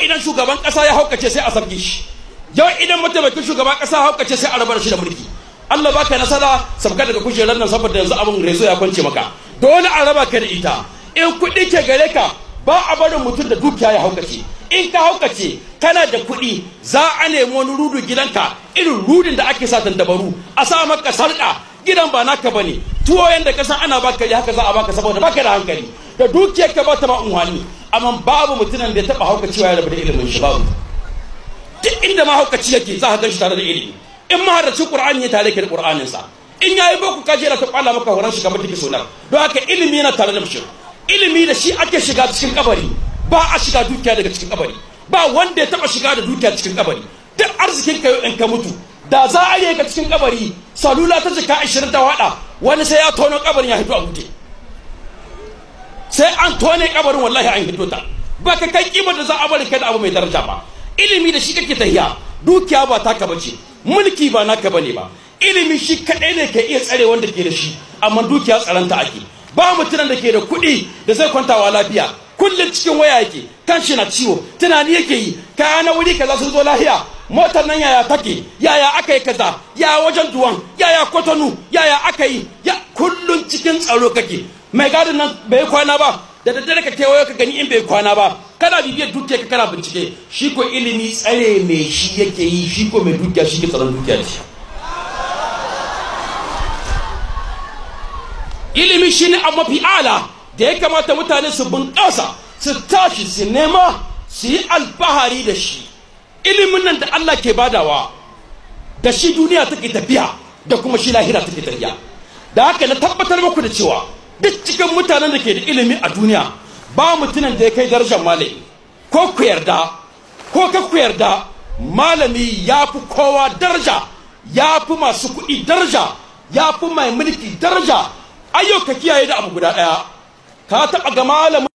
idan shugaban kasa ya haukace sai a sabge shi yau idan mataimakin shugaban kasa ya haukace sai a rabar shi da mulki Allah baka nasara sabka daga kujerar nan saboda yanzu abin reso ya kwance maka dole a raba ka da ita in kuɗi ke gare ka ba a barin mutum da dukiya ya haukace in ka haukace kana da kuɗi za a nemi wani rudu gidanka irin rudin da ake satan dabaru a sa maka sarƙa gidan ba naka bane tuwo yanda ka ana baka haka za a baka saboda baka da hankali da dukiyar ka ba ta ma unhwani amma babu mutumin da ya taba hauka cewa ya rabu da ilimin shi babu duk inda ma haukaci yake za ka gan shi tare da ilimi in ma harrace qur'ani ya tare ka da qur'anin sa in yayi boku kaje yana ta kwala maka horon shi kamar take sonar don haka ilimi yana tare da mushrik ilimi da shi ake shiga cikin kabari ba a shiga dukiya daga cikin kabari ba wanda ya taba shiga da dukiya cikin kabari duk arzikin ka in ka mutu da za a yi ka cikin kabari salula ta jika 20 ta wada wani sai ya tono kabarin ya hito a guje sai an tone kabarin wallahi an hito ta ba ka kai kimar da za a bari kai da abu mai daraja ba ilimi da shi kake tahiya dukiya ba taka bace mulki ba naka bane ba ilimi shi kadai ne ka iya tsare wanda ke da shi amma dukiya tsaranta ake ba mutunan da ke da kuɗi da zai kwantawa lafiya kullum cikin waya yake shi na ciwo tunani yake yi kaya na wuri kaza sun zo lahiya motar nan yaya take yaya aka yi kaza ya wajen duwan yaya kwatanu yaya aka yi ya kullum cikin tsaro kake mai gadin nan bai kwana ba da daddare ka kewaye ka gani in bai kwana ba kana bibiyar dukiya ka kana bincike shi ko ilimi tsare mai shi yake yi shi ko mai dukiya shi ke tsaron dukiya Ilimi shi ne shine abu mafi ala da ya kamata mutane su bunƙasa su tashi su nema su yi alfahari da shi ilimin nan da Allah ke badawa da shi duniya take tafiya da kuma shi lahira take tafiya da haka na tabbatar muku da cewa duk cikin mutanen da ke da ilimi a duniya ba mutumin da ya kai darajar malami ko ku yarda ko ka ku yarda malami ya fi kowa daraja ya fi masu kuɗi daraja ya fi mai mulki daraja ayyuka kiyaye da abu guda ɗaya ka taɓa ga malamin